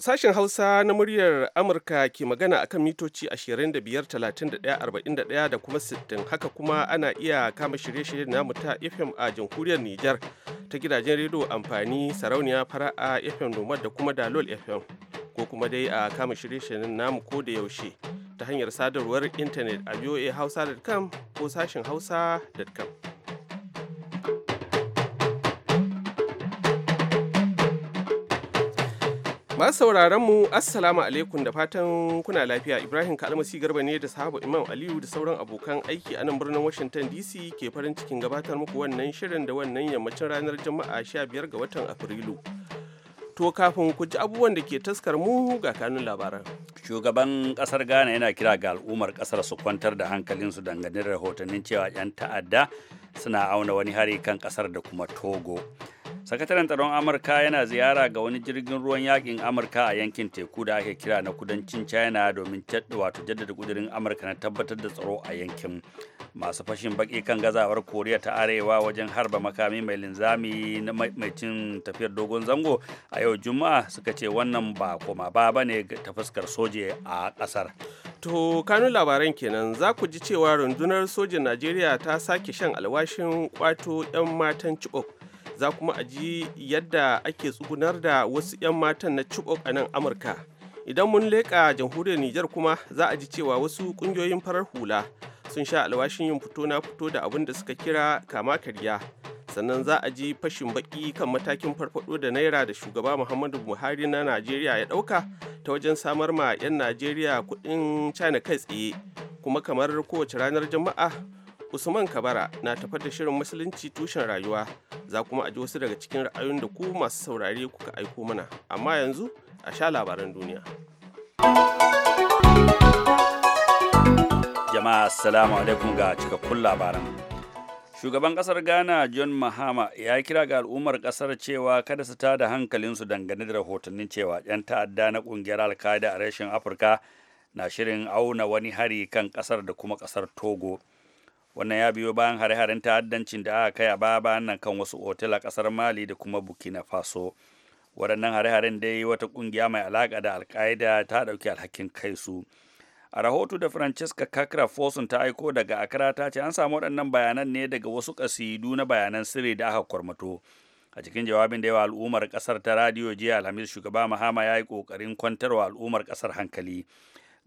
sashen Hausa na muryar Amurka ke magana a kan mitoci 25,31,41 da kuma 60 haka kuma ana iya kama shirye-shiryen namu ta FM a jamhuriyar Nijar ta gidajen rediyo amfani sarauniya fara'a FM Nomad da kuma Dalol FM ko kuma dai a kama shirye-shiryen namu ko da yaushe ta hanyar sadarwar intanet a hausa.com ko sashen hausa.com. Masu sauraron mu Assalamu alaikum da fatan kuna lafiya Ibrahim Kalmasi Garba ne da sahabu Imam Aliyu da sauran abokan aiki a nan birnin Washington DC ke farin cikin gabatar muku wannan shirin da wannan yammacin ranar Juma'a 15 ga watan Afrilu. To kafin ku ji abubuwan da ke taskar mu ga kanun labaran. Shugaban kasar Ghana yana kira ga al'ummar kasar su kwantar da hankalinsu dangane da rahotannin cewa 'yan ta'adda suna auna wani hari kan kasar da kuma Togo. sakataren tsaron amurka yana ziyara ga wani jirgin ruwan yakin amurka a yankin teku da ake kira na kudancin china domin wato jaddada kudirin amurka na tabbatar da tsaro a yankin masu fashin baki kan gazawar koriya ta arewa wajen harba makami mai linzami na mai cin tafiyar dogon zango a yau juma'a suka ce wannan ba koma ba bane ta fuskar soje a kasar to kanun labaran kenan za ku ji cewa rundunar sojin najeriya ta sake shan alwashin kwato 'yan matan chibok za kuma a ji yadda ake tsugunar da wasu 'yan matan na Chibok a nan Amurka. Idan mun leƙa jamhuriyar Nijar kuma za a ji cewa wasu ƙungiyoyin farar hula sun sha alwashin yin fito na fito da abin da suka kira kama karya. Sannan za a ji fashin baki kan matakin farfado da naira da shugaba Muhammadu Buhari na Najeriya ya ɗauka ta wajen samar ma 'yan Najeriya kuɗin China kai tsaye. Kuma kamar kowace ranar jama'a. Usman Kabara na tafar da shirin Musulunci tushen rayuwa za kuma a ji wasu daga cikin ra'ayoyin da ku masu saurare kuka aiko mana amma yanzu a sha labaran duniya. Jama'a assalamu alaikum ga cikakkun labaran. Shugaban kasar Ghana John Mahama ya kira ga al'ummar kasar cewa kada su tada hankalinsu dangane da rahotannin cewa 'yan ta'adda na kungiyar Al-Qaeda a rashin Afirka na shirin auna wani hari kan kasar da kuma kasar Togo. wannan ya biyo bayan hare-haren ta'addancin da aka kai a baya bayan nan kan wasu otel a kasar mali da kuma burkina faso waɗannan hare-haren dai wata ƙungiya mai alaƙa da alƙa'ida ta ɗauki alhakin kai su a rahoto da francesca kakra fosun ta aiko daga akara ta ce an samu waɗannan bayanan ne daga wasu ƙasidu na bayanan sirri da aka kwarmato a cikin jawabin da yawa al'ummar ƙasar ta radiyo jiya alhamis shugaba mahama ya yi ƙoƙarin kwantarwa al'ummar ƙasar hankali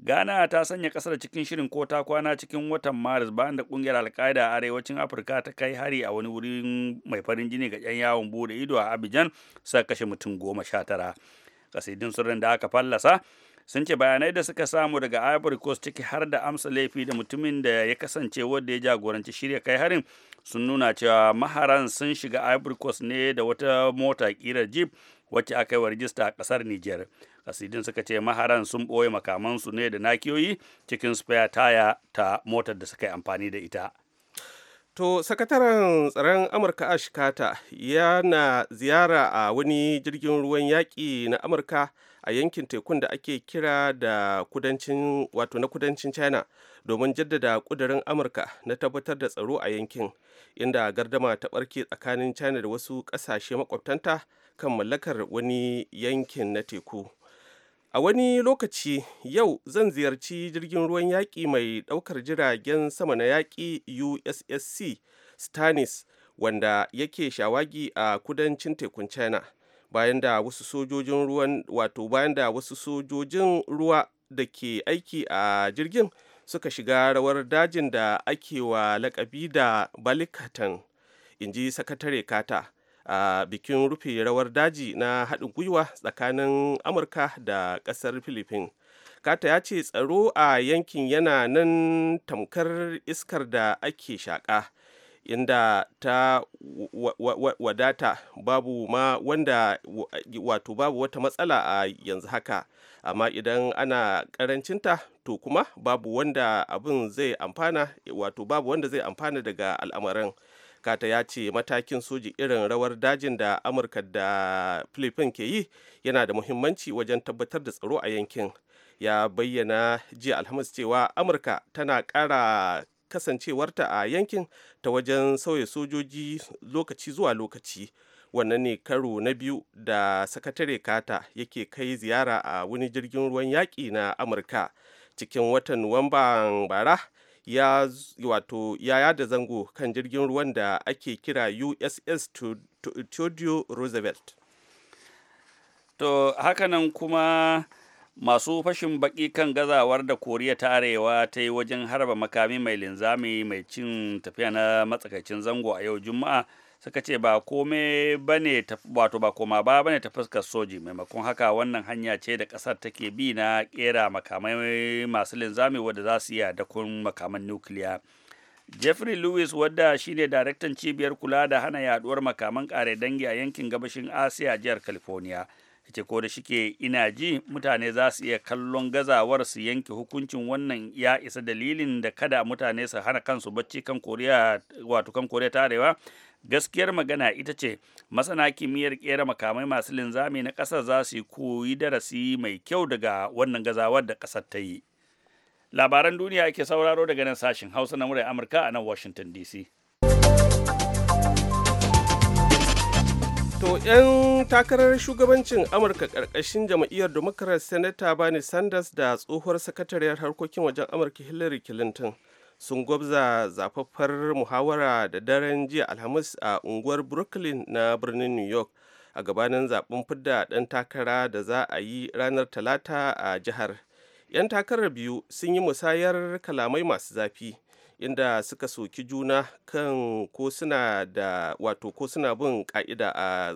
Ghana ta sanya kasar cikin shirin ko ta kwana cikin watan Maris bayan da kungiyar alkaida a arewacin Afirka ta kai hari a wani wuri mai farin jini ga 'yan yawon bude ido a Abidjan suka kashe mutum goma sha tara. Kasidin sirrin da aka fallasa sun ce bayanai da suka samu daga Ivory Coast ciki har da amsa laifi da mutumin da ya kasance wanda ya jagoranci shirya kai harin sun nuna cewa maharan sun shiga Ivory Coast ne da wata mota kirar jeep wacce aka yi wa rijista a kasar Niger. kasidin suka ce maharan sun ɓoye makamansu ne da nakiyoyi cikin spare taya ta motar da suka yi amfani da ita To, sakataren tsaron Amurka Ash ya yana ziyara a wani jirgin ruwan yaƙi na Amurka a yankin tekun da ake kira da kudancin wato na kudancin China domin jaddada ƙudurin Amurka na tabbatar da tsaro a yankin, inda gardama ta ɓarke tsakanin China da wasu ƙasashe makwabtanta kan mallakar wani yankin na teku. A wani lokaci yau zan ziyarci jirgin ruwan yaƙi mai ɗaukar jiragen sama na yaƙi USSC Stanis wanda yake shawagi a kudancin tekun China bayan da wasu sojojin ruwan wato bayan da wasu sojojin ruwa da ke aiki a jirgin suka shiga rawar dajin da ake wa lakabi da Balikatan, in ji sakatare Kata. a bikin rufe rawar daji na haɗin gwiwa tsakanin amurka da ƙasar philippines kata ya ce tsaro a yankin yana nan tamkar iskar da ake shaƙa inda ta wadata babu ma wanda wato babu wata matsala a yanzu haka amma idan ana karancinta to kuma babu wanda abin zai amfana wato babu wanda zai amfana daga al'amarin kata ya ce matakin soji irin rawar dajin da amurka da filifin ke yi yana da muhimmanci wajen tabbatar da tsaro a yankin ya bayyana jiya alhamis cewa amurka tana kara kasancewarta a yankin ta wajen sauya sojoji lokaci zuwa lokaci wannan ne karo na biyu da sakatare kata yake kai ziyara a wani jirgin ruwan yaƙi na amurka cikin watan nuwamban bara ya wato yaya da zango kan jirgin ruwan da ake kira uss theodore roosevelt to hakanan kuma masu fashin baki kan gazawar da koriya ta arewa ta yi wajen harba makami mai linzami mai cin tafiya na matsakaicin zango a yau juma'a suka ce ba kome bane wato ba koma ba bane ta fuskar soji maimakon haka wannan hanya ce da kasar take bi na kera makamai masu linzami wadda za su iya kun makaman nukiliya Jeffrey Lewis wadda shine daraktan cibiyar kula da hana yaduwar makaman kare dangi a yankin gabashin Asiya jihar California ce ko da shike ina ji mutane za su iya kallon gazawar su yanke hukuncin wannan ya isa dalilin da kada mutane su hana kansu bacci kan Koriya wato kan Koriya ta Arewa gaskiyar magana ita ce masana kimiyyar kera makamai masu linzami na ƙasar za su koyi darasi mai kyau daga wannan gazawar da ƙasar ta yi labaran duniya ake sauraro daga nan sashen hausa na murai amurka a nan washington dc To 'yan takarar shugabancin Amurka ƙarƙashin jam'iyyar Democrat Sanata bani Sanders da tsohuwar sakatariyar harkokin wajen Amurka Hillary Clinton sun gwabza zafaffar muhawara da daren jiya alhamis a unguwar brooklyn na birnin new york a gabanin zaben fidda ɗan takara da za a yi ranar talata a jihar 'yan takarar biyu sun yi musayar kalamai masu zafi inda suka soki juna kan ko suna da wato ko suna bin ka'ida a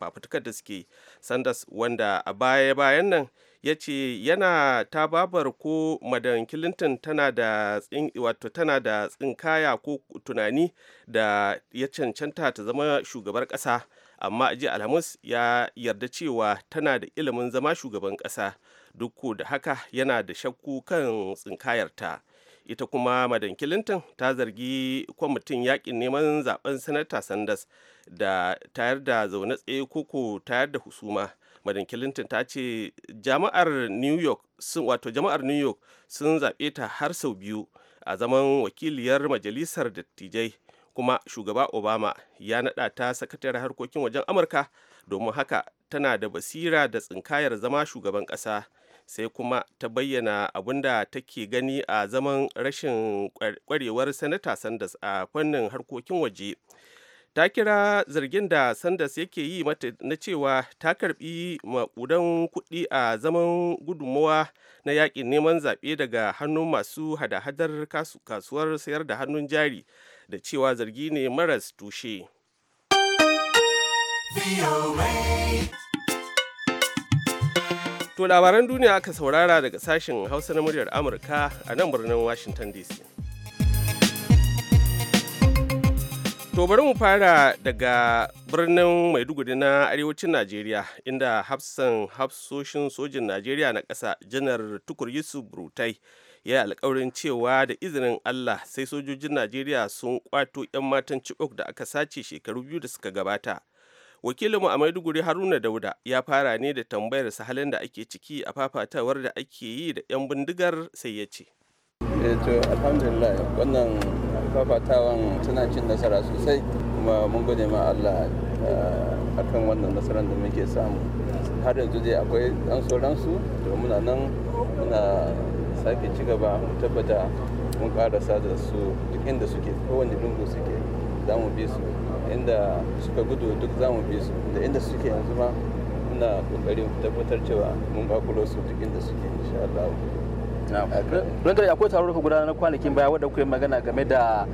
fafutukar da suke sanders wanda a baya bayan nan ya ce yana ta babar ko madan clinton tana da tsinkaya ko tunani da ya cancanta ta zama shugabar ƙasa amma a jiya alhamis ya yarda cewa tana da ilimin zama shugaban ƙasa duk ko da haka yana da shakku kan tsinkayarta ita kuma madan clinton ta zargi kwamitin yakin neman zaben sanata sanders da tayar da zaune tsaye koko tayar da husuma madan clinton ta ce jama'ar new york sun wato jama'ar new york sun zaɓe ta har sau biyu a zaman wakiliyar majalisar dattijai kuma shugaba obama ya naɗa ta sakataren harkokin wajen amurka domin haka tana da basira da tsinkayar zama shugaban ƙasa sai kuma ta bayyana abin da take gani a zaman rashin kwarewar sanata sanders a fannin harkokin waje ta kira zargin da sanders yake yi mata na cewa ta karbi makudan kuɗi a zaman gudunmawa na yakin neman zaɓe daga hannun masu hada-hadar kasuwar sayar da hannun jari da cewa zargi ne maras tushe to labaran duniya aka saurara daga sashen hausa na muryar amurka a nan birnin washington dc To bari mu fara daga birnin Maiduguri na arewacin Najeriya inda hafsan hafsoshin sojin Najeriya na ƙasa janar Tukur Yusuf Brutai ya yi alkawarin cewa da izinin Allah sai sojojin Najeriya sun kwato 'yan matan Chibok da aka sace shekaru biyu da suka gabata. Wakilinmu a Maiduguri Haruna Dauda ya fara ne da tambayar sa halin da ake ciki a fafatawar da ake yi da 'yan bindigar sai ya ce. Eh alhamdulillah wannan fafatawan tana cin nasara sosai kuma mun gode ma Allah eh, akan wannan nasarar da muke samu har yanzu dai akwai dan sauransu to muna nan muna sake ci gaba mu tabbata mun karasa da su duk inda suke kowane lungu suke za mu bi su inda suka gudu duk za mu bi su da inda suke yanzu ma muna kokarin tabbatar cewa mun kwakulo su duk inda suke insha Allah dare akwai taron ka gudanar kwanakin baya wadda kuka magana game da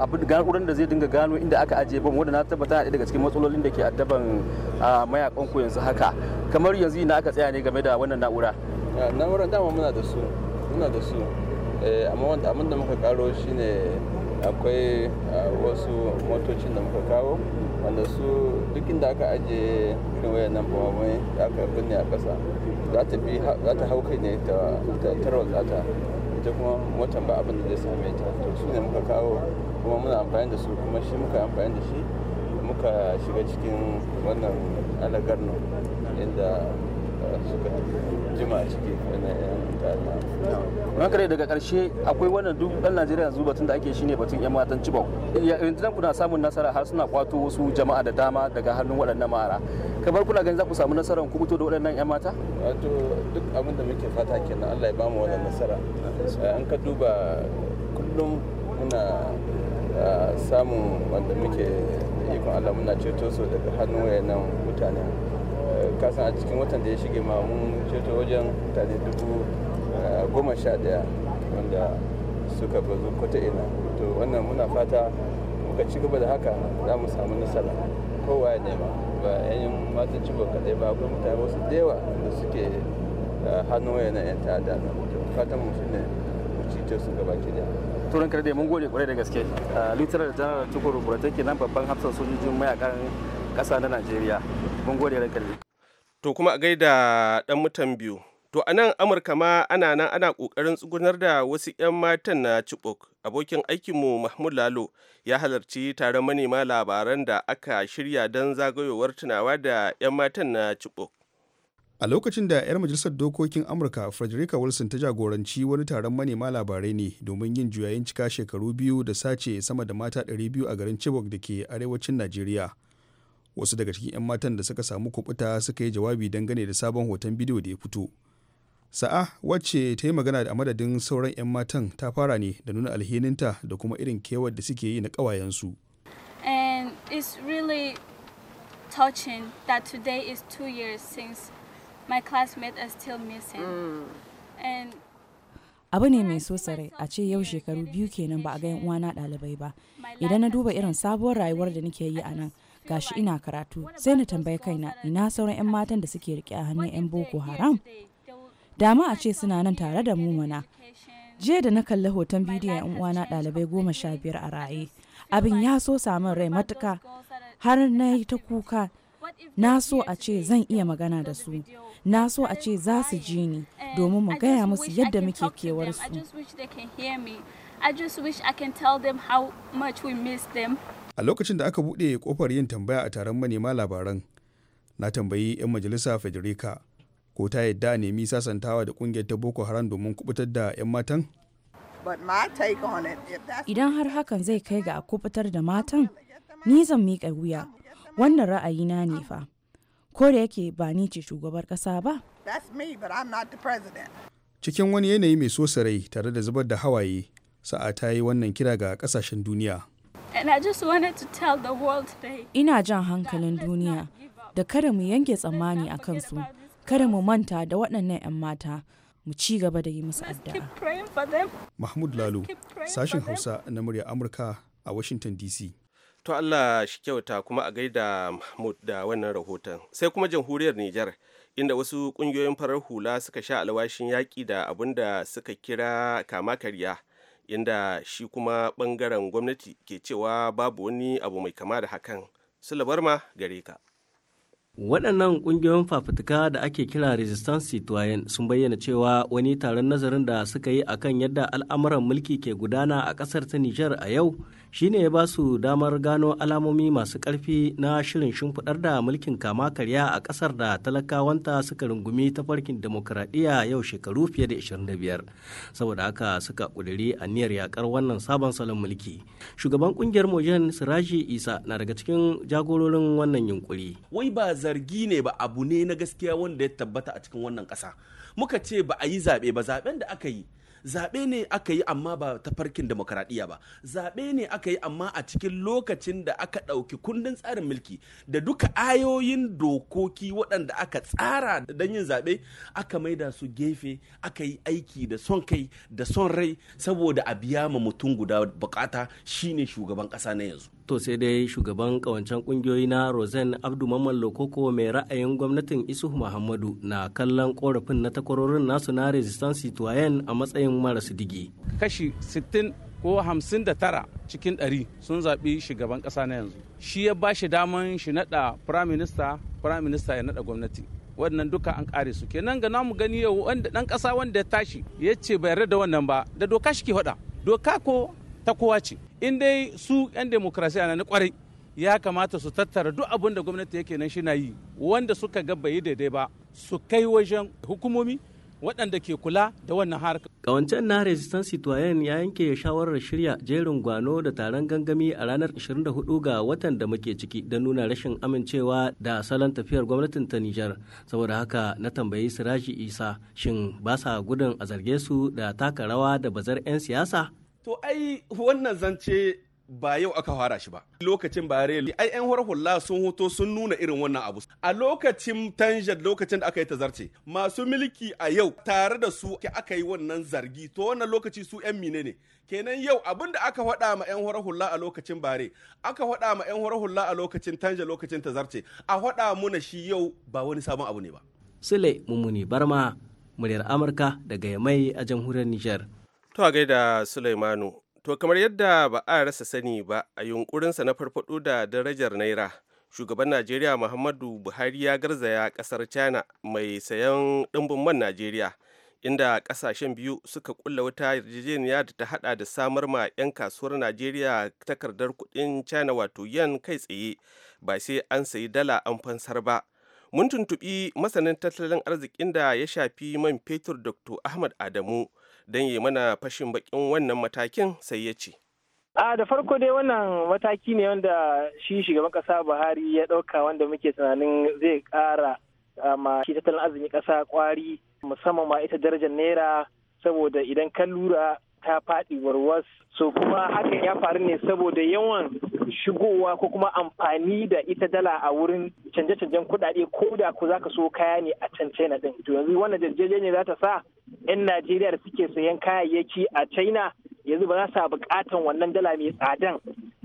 abin da zai dinga gano inda aka ajiye bom wadda na tabbata a daga cikin matsalolin da ke addaban mayakan ku yanzu haka kamar yanzu na aka tsaya ne game da wannan na'ura na'urar dama muna da su muna da su eh, amma wanda abin da muka karo shine akwai wasu motocin da muka kawo wanda su duk inda aka ajiye irin wayannan bamamai aka binne a kasa. za ta hau kai ne ta tarwatsa ta ita kuma watan ba abin da zai same ta to su ne muka kawo kuma muna amfani da su kuma shi muka amfani da shi muka shiga cikin wannan alagarno inda eh, suka jima ciki wannan yan ta'adda don kare daga karshe akwai wannan duk dan najeriya yanzu batun da ake shine batun yan matan cibok yanzu kuna samun nasara har suna kwato wasu jama'a da dama daga hannun waɗannan mara kamar kuna ganin za ku samu nasarar ku fito da waɗannan yan mata wato duk abin da muke fata kenan allah ya ba mu wannan nasara an eh, ka duba kullum muna eh, samun wanda muke ikon allah muna ceto su daga hannun wayannan mutane eh, kasan a cikin watan da ya shige ma mun ceto wajen mutane dubu goma sha daya wanda suka bazu kwata ina to wannan muna fata muka ci gaba da haka za mu samu nasara kowa ya nema ba yanyin matan cibo kadai ba akwai mutane wasu da yawa da suke hannu na yan ta'adda na fatan mu shine mu ta su gaba ki turan karde mun gode kwarai da gaske literal general tukuru burata kenan babban hafsan sojojin mayakan kasa na najeriya mun gode da karbe to kuma a gaida dan mutan biyu To a nan Amurka ma ana nan ana kokarin tsugunar da wasu 'yan matan na Chibok. Abokin aikinmu Mahmud Lalo ya halarci taron manema labaran da aka shirya don zagayowar tunawa da 'yan matan na Chibok. A lokacin da 'yar majalisar dokokin Amurka Frederica Wilson ta jagoranci wani taron manema labarai ne domin yin juyayin cika shekaru biyu da sace sama da mata 200 a garin Chibok da ke arewacin Najeriya. Wasu daga cikin 'yan matan da suka samu kubuta suka yi jawabi dangane da sabon hoton bidiyo da ya fito. sa'a wacce ta yi magana da madadin sauran 'yan matan ta fara ne da nuna alhininta da kuma irin kewar da suke yi na ƙawayensu and it's really touching that today is two years since my classmate is still missing and abu ne mai so sarai a ce yau shekaru biyu kenan ba a ga uwana ɗalibai ba idan na duba irin sabuwar rayuwar da nake yi a nan gashi ina karatu sai na tambayi kaina ina sauran 'yan matan da suke rike a hannun 'yan boko haram dama a ce suna nan tare da mu mana jiya da na kalli hoton bidiyon yan uwana ɗalibai goma sha biyar a raye abin ya so samun rai matuka har na yi ta kuka na so a ce zan iya magana da su na so a ce za su ji ni domin mu gaya musu yadda muke kewar su a lokacin da aka buɗe kofar yin tambaya a taron manema labaran na tambayi 'yan majalisa federica ko ta yadda nemi sasantawa da kungiyar ta boko haram domin kubutar da 'yan matan idan har hakan zai kai ga a kubutar da matan ni zan miƙa wuya wannan ra'ayina ne fa ko da yake ba ni ce shugabar ƙasa ba cikin wani yanayi mai so sarai tare da zubar da hawaye sa'a ta yi wannan kira ga ƙasashen duniya ina jan hankalin duniya da kada mu yanke tsammani a kansu kada mu manta da waɗannan 'yan mata mu ci gaba da yi musu addu'a. Mahmud lalu sashen Hausa na murya Amurka a Washington DC. To Allah shi kyauta kuma a gaida Mahmud da wannan rahoton. Sai kuma jamhuriyar Nijar, inda wasu ƙungiyoyin farar hula suka sha alwashin yaƙi da abin da suka kira kama karya. Inda shi kuma ɓangaren gwamnati ke cewa babu wani abu mai kama da hakan. Sulabar ma gare ka. waɗannan ƙungiyoyin fafutuka da ake kira resistance citoyen sun bayyana cewa wani taron nazarin da suka yi akan yadda al'amuran mulki ke gudana a ƙasar ta nijar a yau shine ya ba su damar gano alamomi masu ƙarfi na shirin shimfiɗar da mulkin kama karya a ƙasar da talakawanta suka rungumi ta farkin demokuraɗiyya yau shekaru fiye da 25 saboda haka suka ƙudiri aniyar yakar wannan sabon salon mulki shugaban ƙungiyar mojen siraji isa na daga cikin jagororin wannan yunkuri wai ba zargi ne ba abu ne na gaskiya wanda ya tabbata a cikin wannan ƙasa muka ce ba a yi zaɓe ba zaɓen da aka yi zaɓe ne aka yi amma ba ta farkin demokaradiyya ba zaɓe ne aka yi amma a cikin lokacin da aka ɗauki kundin tsarin mulki da duka ayoyin dokoki waɗanda aka tsara don yin zaɓe aka maida su gefe aka yi aiki da son kai da son rai saboda a biya ma mutum guda bukata shine shugaban ƙasa na yanzu To sai dai shugaban kawancen kungiyoyi na Rosen Abdu Mamman Lokoko mai ra'ayin gwamnatin Isuhu Muhammadu na kallon korafin na takwarorin nasu na Resistance Citoyen a matsayin marasu digi. Kashi 60 ko 59 cikin 100 sun zaɓi shugaban ƙasa na yanzu. Shi ya ba shi daman shi naɗa Prime Minister, Prime Minister ya naɗa gwamnati. wannan duka an kare su kenan ga namu gani yau wanda dan kasa wanda ya tashi ya ce bai yarda da wannan ba da doka shi ke doka ko ta kowa ce in dai su 'yan demokrasiya na kwarai ya kamata su tattara duk abin da gwamnati yake nan shina yi wanda suka ga bai daidai ba su kai wajen hukumomi waɗanda ke kula da wannan harka. Kawancen na Resistance Citoyen ya yanke shawarar shirya jerin gwano da taron gangami a ranar 24 ga watan da muke ciki don nuna rashin amincewa da salon tafiyar gwamnatin ta Nijar. Saboda haka na tambayi Siraji Isa shin ba sa gudun a zarge su da taka rawa da bazar 'yan siyasa? To ai wannan zance ba yau aka fara shi ba. Lokacin Barel, ai 'yan hula sun hoto sun nuna irin wannan abu. A lokacin Tanjad lokacin da aka yi tazarce, masu mulki a yau tare da su aka yi wannan zargi, to wannan lokaci su 'yan mine ne. Kenan yau abin da aka faɗa ma 'yan hula a lokacin bare, aka faɗa ma 'yan hula a lokacin Tanja lokacin tazarce, a faɗa muna shi yau ba wani sabon abu ne ba. Sule mummuni Barma, muryar Amurka daga Yamai a jamhuriyar Nijar. To a gaida Sulaimanu, to kamar yadda ba a rasa sani ba a yunkurinsa na farfado da darajar naira. Shugaban Najeriya Muhammadu Buhari ya garzaya kasar China mai sayan ɗimbin man Najeriya, inda ƙasashen biyu suka kulla wuta yarjejeniya da ta haɗa da samar ma 'yan kasuwar Najeriya takardar kuɗin China wato yan kai tsaye ba sai an sayi dala an fansar ba. Mun tuntuɓi masanin tattalin arzikin da ya shafi man fetur Dr. Ahmad Adamu. don yi mana fashin bakin wannan matakin sai ya ce a da farko dai wannan mataki ne wanda shi shugaban kasa buhari ya ɗauka wanda muke tunanin zai ƙara ah, ma shi tattalin arzikin ƙasa kwari musamman ma ita darajar naira saboda idan ka lura ta faɗi warwas so kuma hakan ya faru ne saboda yawan shigowa ko kuma amfani da ita dala a wurin canje-canjen kuɗaɗe ko da ku za ka so kaya ne a can china din to yanzu wannan ne za ta sa 'yan najeriya da suke sayan kayayyaki a china yanzu ba za su buƙatan wannan dala mai tsadan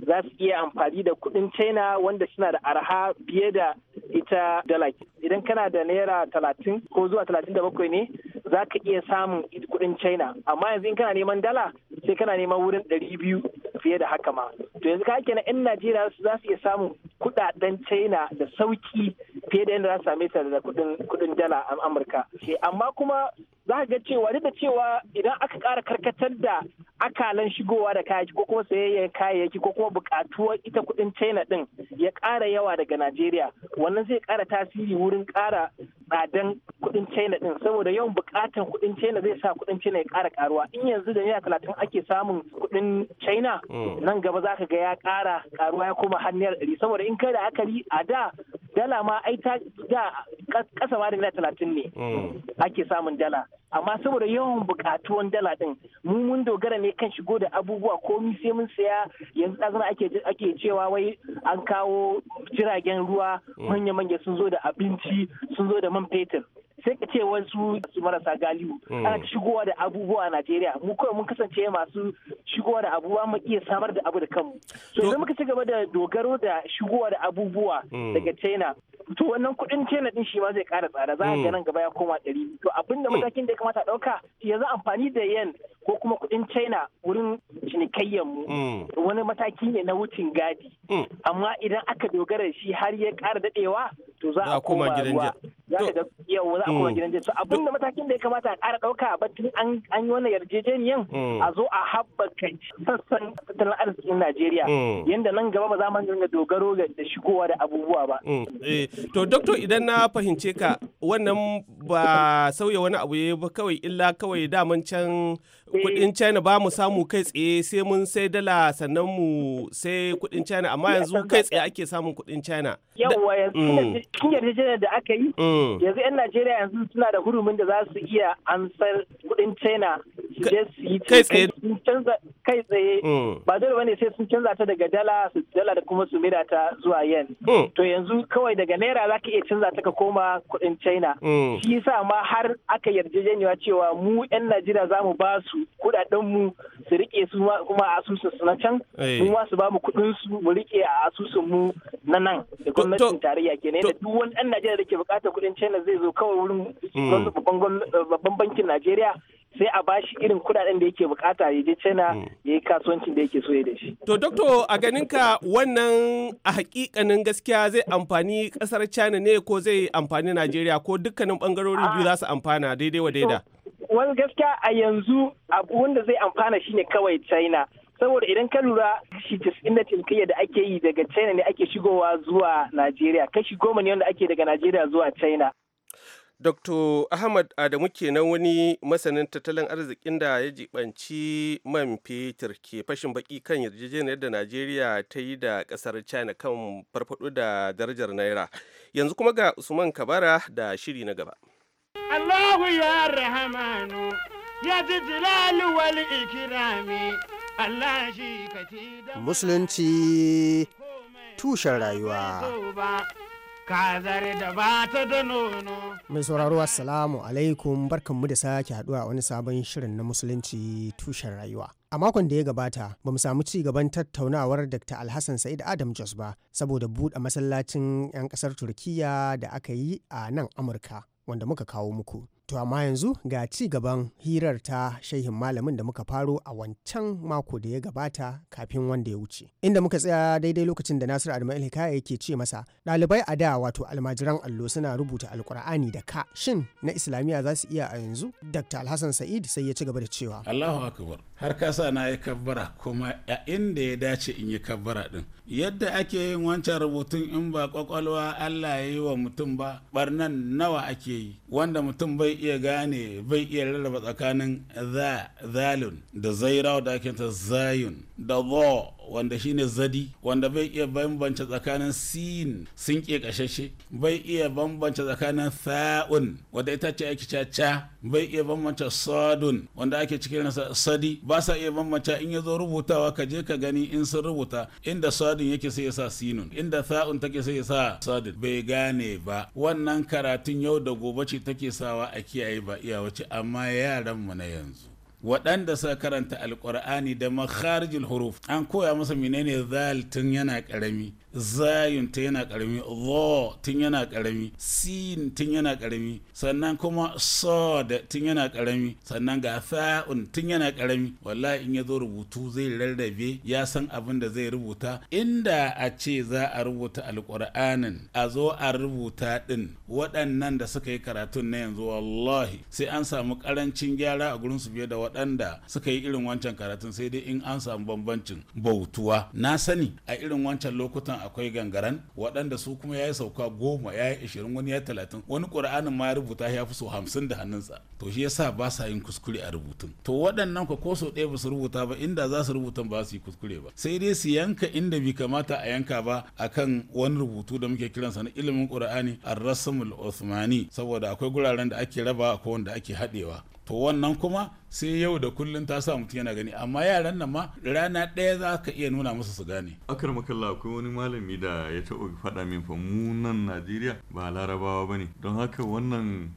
za su iya amfani da kuɗin china wanda suna da arha fiye da ita dala idan kana da naira talatin ko zuwa talatin da bakwai ne za ka iya samun kuɗin china amma yanzu in kana neman dala sai kana neman wurin ɗari biyu fiye da haka ma to yanzu ka kenan yan najeriya za su iya samun kuɗaɗen china da sauki fiye da yadda za su same ta da kuɗin dala a amurka eh, amma kuma za ka ga cewa duk da cewa idan aka ƙara karkatar da akalan shigowa da kayayyaki ko kuma sayayyen kayayyaki ko kuma buƙatuwar ita kuɗin china ɗin ya ƙara yawa daga najeriya wannan zai ƙara tasiri wurin ƙara tsadan kudin china din saboda yawan bukatan kuɗin china zai sa kuɗin china ya kara karuwa in yanzu da naira talatin ake samun kuɗin china hmm. nan gaba za ka ga ya kara karuwa ya koma har naira ɗari saboda in kai da akari a da dala ma ai ta da ƙasa ma da naira talatin ne hmm. ake samun dala amma saboda yawan bukatuwan dala din mu mun dogara ne kan shigo da abubuwa komi sai mun saya yanzu ɗazuna ake ake cewa wai an kawo jiragen ruwa hmm. manya-manya sun zo da abinci sun zo da man fetur sai ka ce wasu marasa galihu hmm. ana shigowa da abubuwa a Najeriya mu kawai mun kasance masu shigowa da abubuwa mu iya samar da abu da kanmu to idan muka ci gaba da dogaro da shigowa da abubuwa hmm. daga China to wannan kuɗin China din shi ma zai kara tsada za a ga hmm. nan gaba ya koma ɗari to abinda matakin da ya kamata ɗauka yanzu amfani da yen ko kuma kuɗin China wurin cinikayyar mu wani mataki ne na wucin gadi amma idan aka dogara shi har ya kara daɗewa to za a koma gidan za ka yau za a koma mm. gidan jinsu abin da matakin da ya kamata a ƙara ɗauka ba tun an yi wannan yarjejeniyan mm. a zo a haɓaka sassan tattalin arzikin Najeriya mm. yadda nan gaba ba za mu dinga dogaro da shigowa da abubuwa ba. Eh, to doctor idan na fahimce ka wannan ba sauya wani abu ya ba kawai illa kawai daman can eh. kudin China ba mu samu kai tsaye sai mun sai dala sannan mu sai kudin China amma yanzu kai tsaye ake samun kudin China. Yawwa yanzu kin yarjejeniya da aka yi Oh. yanzu 'yan Najeriya yanzu suna da hurumin da za su iya ansar kudin China su je yi kai tsaye kai tsaye oh. ba dole bane sai sun canza ta daga dala su dala da kuma su mira ta zuwa yen oh. to yanzu kawai daga naira za ka iya canza ta ka koma kudin China shi yasa ma har aka yarjejeniya cewa mu 'yan Najeriya za mu ba su kudaden mu su rike su kuma a asusun su na can eh. mu ma su ba mu kudin su mu rike a asusun mu na nan da gwamnatin tarayya kenan da duk wani 'yan Najeriya da ke bukatar kudin tsarin china zai zo kawai wurin hmm. eh, babban bankin najeriya sai a bashi irin kudaden da yake bukata ya je china hmm. ya yi kasuwancin da yake so ya da shi to doktor a ganinka wannan a hakikanin gaskiya zai amfani kasar china ne ko zai amfani najeriya ko dukkanin bangarorin biyu za su amfana daidai wa daida wani gaskiya a yanzu abu wanda zai amfana shine kawai china saboda idan ka lura kashi casa'in da da ake yi daga china ne ake shigowa zuwa najeriya kashi goma ne wanda ake daga najeriya zuwa china dr ahmad adamu kenan wani masanin tattalin arzikin da ya jibanci man fetur ke fashin baki kan yarjejeniyar da najeriya ta yi da kasar china kan farfado da darajar naira yanzu kuma ga usman kabara da shiri na gaba allahu ya rahamanu ya ji wal ikirami Musulunci tushen rayuwa. Mai sauraro Assalamu alaikum barkanmu da sake haɗuwa wani sabon shirin na Musulunci tushen rayuwa. A makon da ya gabata, ba mu samu ci gaban tattaunawar Dr. Alhassan Sa'id Adam Jos ba, saboda buɗe masallacin 'yan ƙasar Turkiyya da aka yi a nan Amurka, wanda muka kawo muku. To amma yanzu ga ci gaban hirar ta shehin malamin da muka faro a wancan mako da ya gabata kafin wanda ya wuce. Inda muka tsaya daidai lokacin da Nasiru Adamu Hikaya ke ce masa ɗalibai a da wato almajiran allo suna rubuta alkur'ani da ka shin na islamiyya za su iya a yanzu? Dr. Alhassan Sa'id sai ya ci gaba da cewa. Allahu akbar har kasa na yi kabbara kuma a inda ya dace in yi kabbara din yadda ake yin wancan rubutun in ba kwakwalwa Allah ya yi wa mutum ba barnan nawa ake yi wanda mutum bai iya gane bai iya rarraba tsakanin za zalun da zairau da ake ta zayun da zo wanda shine zadi wanda bai iya bambance tsakanin sin sun ke kashashe bai iya bambance tsakanin tha'un wanda ita ce ake caca bai iya bambance sadun wanda ake cikin nasa sadi ba sa iya bambance in ya zo rubutawa ka je ka gani in sun rubuta inda sadun yake sai ya sa sinun inda sa'un take sai ya sa sadun bai gane ba wannan karatun yau da gobe ce take sawa a kiyaye ba iya wace amma yaran mu na yanzu waɗanda suka karanta alƙur'ani da makharijul huruf an koya masa menene zal tun yana ƙarami zayun ta yana karami lo tun yana karami sin tun yana karami sannan kuma da tun yana karami sannan ga fa'un tun yana karami wallahi in ya zo rubutu zai rarrabe ya san abin da zai rubuta inda a ce za a rubuta alƙur'anin a zo a rubuta din waɗannan da suka yi karatun na yanzu wallahi sai an samu ƙarancin gyara a gurin su fiye da waɗanda suka yi irin wancan karatun sai dai in an samu bambancin bautuwa na sani a irin wancan lokutan akwai gangaran waɗanda su kuma ya yi sauka goma ya yi ashirin wani ya yi talatin wani ƙura'anin ma ya rubuta ya fi so hamsin da hannunsa to shi yasa ba sa yin kuskure a rubutun to waɗannan ko ko sau ɗaya ba su rubuta ba inda za su rubuta ba su yi kuskure ba sai dai su yanka inda bai kamata a yanka ba akan wani rubutu da muke kiran kiransa na ilimin ƙura'ani ar-rasmul uthmani saboda akwai guraren da ake raba ko wanda ake haɗewa to wannan kuma sai yau da kullun ta sa mutum yana gani amma yaran nan ma rana ɗaya za ka iya nuna musu su gane akar makalla akwai wani malami da ya taɓa faɗa min fa mu nan najeriya ba larabawa ba ne don haka wannan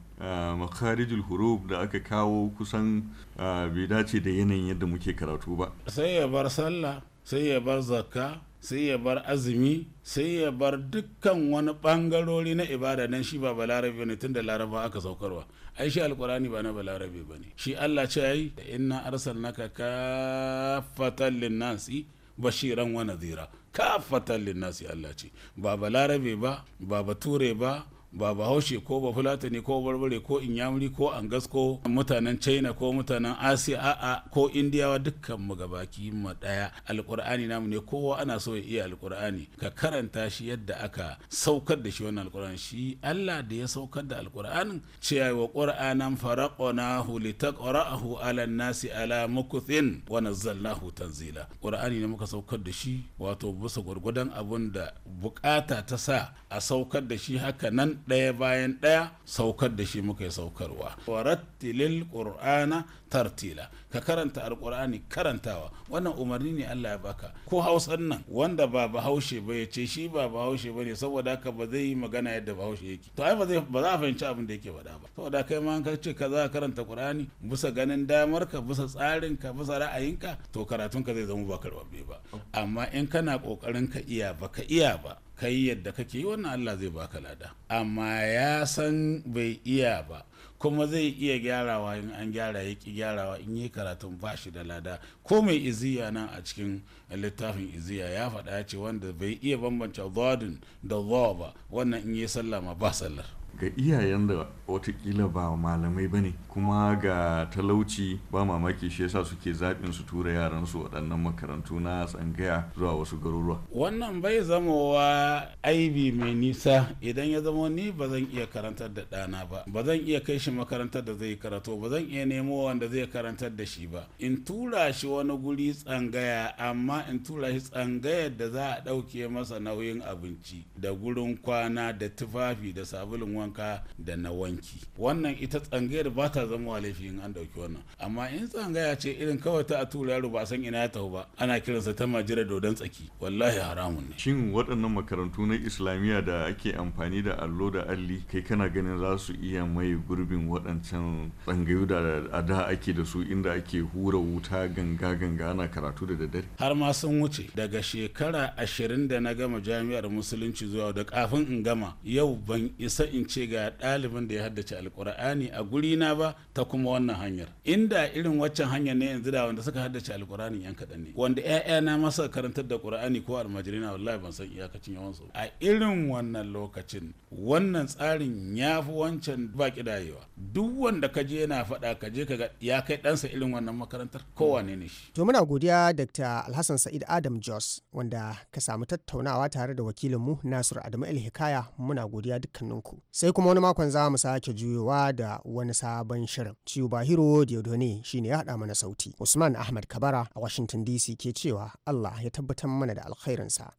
makarijul hurub da aka kawo kusan bai dace da yanayin yadda muke karatu ba sai ya bar sallah sai ya bar zakka sai ya bar azumi sai ya bar dukkan wani bangarori na ibada nan shi ba balarabe ne tun da larabawa aka saukarwa ai shi alkurani ba na balarabe ba ne shi allah ce ai da inna naka kafatan linnasi bashiran wa nadhira kafatan linnasi allah ce ba balarabe ba ba bature ba ba bahaushe ko ba fulatani ko barbare ko inyamuri ko angas ko mutanen china ko mutanen asiya a'a ko indiyawa dukkan mu baki mu daya alqur'ani namu ne kowa ana so ya iya alqur'ani ka karanta shi yadda aka saukar da shi wannan alqur'ani shi Allah da ya saukar da alqur'anin cewa wa qur'anan faraqnahu litaqra'ahu 'ala an-nasi 'ala mukuthin wa nazzalnahu tanzila qur'ani ne muka saukar da shi wato bisa gurgudan abun da bukata ta sa a saukar da shi haka nan ɗaya bayan ɗaya saukar da shi muka yi saukarwa warattilil qur'ana tartila ka karanta alqur'ani karantawa wannan umarni ne Allah ya baka ko hausan nan wanda ba bahaushe ba ya ce shi ba bahaushe ba ne saboda haka ba zai yi magana yadda bahaushe yake to ai ba zai ba za a fahimci abin da yake faɗa ba saboda kai ma ka ce ka za ka karanta qur'ani bisa ganin damar ka bisa tsarin ka bisa ra'ayinka to karatun ka zai zama ba karbabbe ba amma in kana kokarin ka iya baka iya ba yi yadda kake yi wannan Allah zai baka lada amma ya san bai iya ba kuma zai iya gyarawa in an gyara ya ki gyarawa in yi karatun ba shi da lada ko mai iziya nan a cikin littafin iziya ya faɗa ya ce wanda bai iya bambance zadin da ba wannan in yi sallama ba sallar ga iyayen da watakila ba malamai ba ne kuma ga talauci ba mamaki shi yasa suke zaɓin su tura yaran su waɗannan makarantu na tsangaya zuwa wasu garuruwa wannan bai zama wa aibi mai nisa idan ya zama ni ba zan iya karantar da ɗana ba ba zan iya kai shi makarantar da zai karato ba zan iya nemo wanda zai karantar da shi ba in tura shi wani guri tsangaya amma in tura shi tsangayar da za a ɗauke masa nauyin abinci da gurin kwana da tufafi da sabulun wanka da na wanki wannan ita tsangayar ba ta zama laifi in an ɗauki wannan amma in tsangaya ce irin kawai ta a tura yaro ba san ina ya tafi ba ana kiransa ta majira dodon tsaki wallahi haramun ne shin waɗannan makarantu na islamiyya da ake amfani da allo da alli kai kana ganin za su iya mai gurbin waɗancan tsangayu da a da ake da su inda ake hura wuta ganga ganga ana karatu da daddare har ma sun wuce daga shekara ashirin da na gama jami'ar musulunci zuwa da kafin in gama yau ban isa in ci ce ga ɗalibin da ya haddace alkur'ani a guri na ba ta kuma wannan hanyar inda irin waccan hanyar ne yanzu da wanda suka haddace alkur'ani yan kaɗan ne wanda ƴaƴa na masa karantar da qur'ani ko almajiri na wallahi ban san iyakacin yawan su a irin wannan lokacin wannan tsarin ya fi wancan ba kidayewa duk wanda ka je yana faɗa ka je ka ga ya kai ɗansa irin wannan makarantar kowane ne shi. to muna godiya dr alhassan sa'id adam jos wanda ka samu tattaunawa tare da wakilinmu nasiru adamu el hikaya muna godiya dukkaninku sai kuma wani makon za mu sake juyowa da wani sabon shirin ciwo bahiro diodone shine ya haɗa mana sauti usman ahmad kabara a washington dc ke cewa allah ya tabbatar mana da alkhairinsa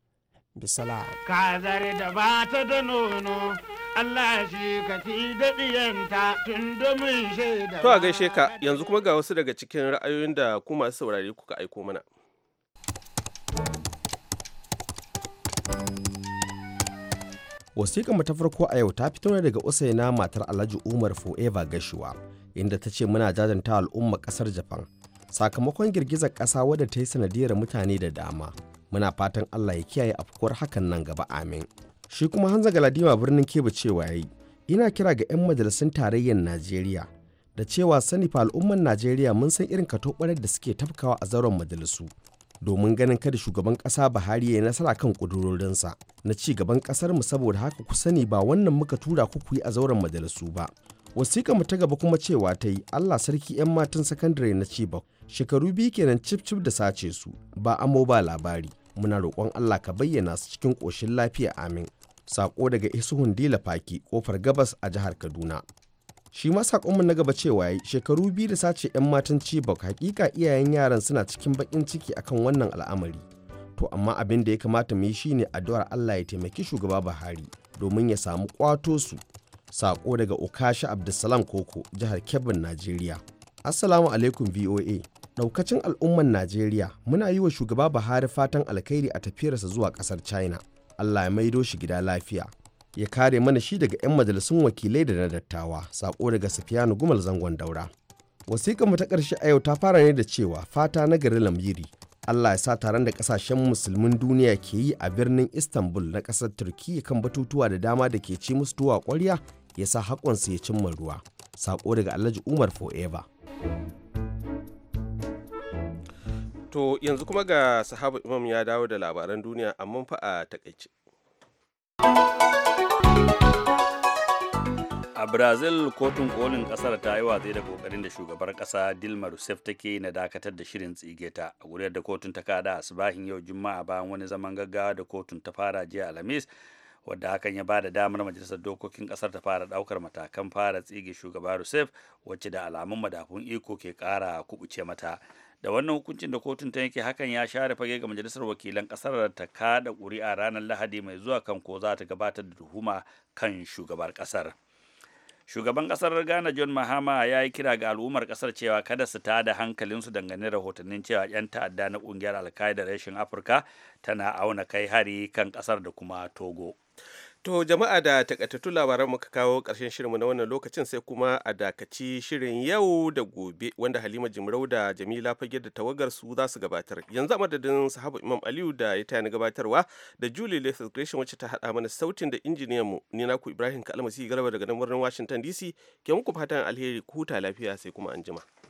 bisala kazar da ba da nono Allah shi ka tun shaida. To a gaishe ka yanzu kuma ga wasu daga cikin ra'ayoyin da ku masu saurare kuka aiko mana. wasiƙa ta farko a yau ta fito ne daga usaina matar alhaji umar forever gashuwa inda ta ce muna jajanta al'umma ƙasar japan sakamakon girgizar ƙasa wadda ta yi sanadiyar mutane da dama muna fatan allah ya kiyaye afkuwar hakan nan gaba amin shi kuma hanza galadima birnin kebe cewa yayi ina kira ga 'yan majalisun tarayyar najeriya da cewa sani fa al'umman najeriya mun san irin katobarar da suke tafkawa a zauren majalisu domin ganin kada shugaban kasa Buhari ya yi nasara kan ƙudurorinsa na ci gaban mu saboda haka ku sani ba wannan muka tura ku ku yi a zauren majalisu ba. mu ta gaba kuma cewa ta yi Allah sarki 'yan matan sakandare na ce ba shekaru biyu kenan cif-cif da sace su ba amo ba labari muna roƙon Allah ka bayyana su cikin ƙoshin lafiya amin. Sako daga Isuhun Dila Faki kofar gabas a jihar Kaduna. shi ma sakonmu na gaba cewa yi shekaru biyu da sace 'yan matan chibok hakika iyayen yaran suna cikin bakin ciki akan wannan al'amari to amma abin da ya kamata mu yi shine addu'ar Allah ya taimaki shugaba Buhari domin ya samu kwato su sako daga Okashi Abdulsalam Koko jihar Kebbin Najeriya Assalamu alaikum VOA daukacin al'umman Najeriya muna yi wa shugaba Buhari fatan alkhairi a tafiyarsa zuwa kasar China Allah ya maido shi gida lafiya ya kare mana shi daga 'yan majalisun wakilai da na dattawa sako daga safiyanu gumal zangon daura wasiƙar ta ƙarshe a yau ta fara ne da cewa fata na gari lamiri allah ya sa taron da ƙasashen musulmin duniya ke yi a birnin istanbul na ƙasar turkiyya kan batutuwa da dama da ke ci musu tuwa ƙwarya ya sa haƙonsu ya cimma ruwa sako daga alhaji umar forever to yanzu kuma ga sahaba imam ya dawo da labaran duniya amma fa a takaice a brazil kotun kolin kasar ta yi watsi da kokarin da shugabar kasa dilma rousseff take na dakatar da shirin tsigeta a guriyar da kotun ta kada subahin yau juma'a bayan wani zaman gaggawa da kotun ta fara jiya alhamis wadda hakan ya bada damar majalisar dokokin kasar ta fara daukar matakan fara tsige shugaba rousseff wacce da alamun madafun iko ke kara kubuce mata da wannan hukuncin da kotun ta yake hakan ya share fage ga majalisar wakilan kasar da ta kada ƙuri'a ranar lahadi mai zuwa kan ko za ta gabatar da tuhuma kan shugabar kasar. shugaban kasar ghana john mahama ya yi kira ga al'ummar kasar cewa kada su tada hankalinsu dangane da rahotannin cewa 'yan ta'adda na kungiyar alkaida rashin afirka tana auna kai hari kan kasar da kuma togo To jama'a da takaitattun labaran muka kawo ƙarshen shirinmu na wannan lokacin sai kuma a dakaci shirin yau da gobe wanda Halima Jimrau da Jamila Fage da tawagar su za su gabatar. Yanzu a madadin sahabu Imam Aliyu da ya tayani gabatarwa da Julie Lethal Gresham wacce ta haɗa mana sautin da injiniyan mu ni naku Ibrahim Kalmasi Garba daga nan birnin Washington DC ke muku fatan alheri ku huta lafiya sai kuma anjima.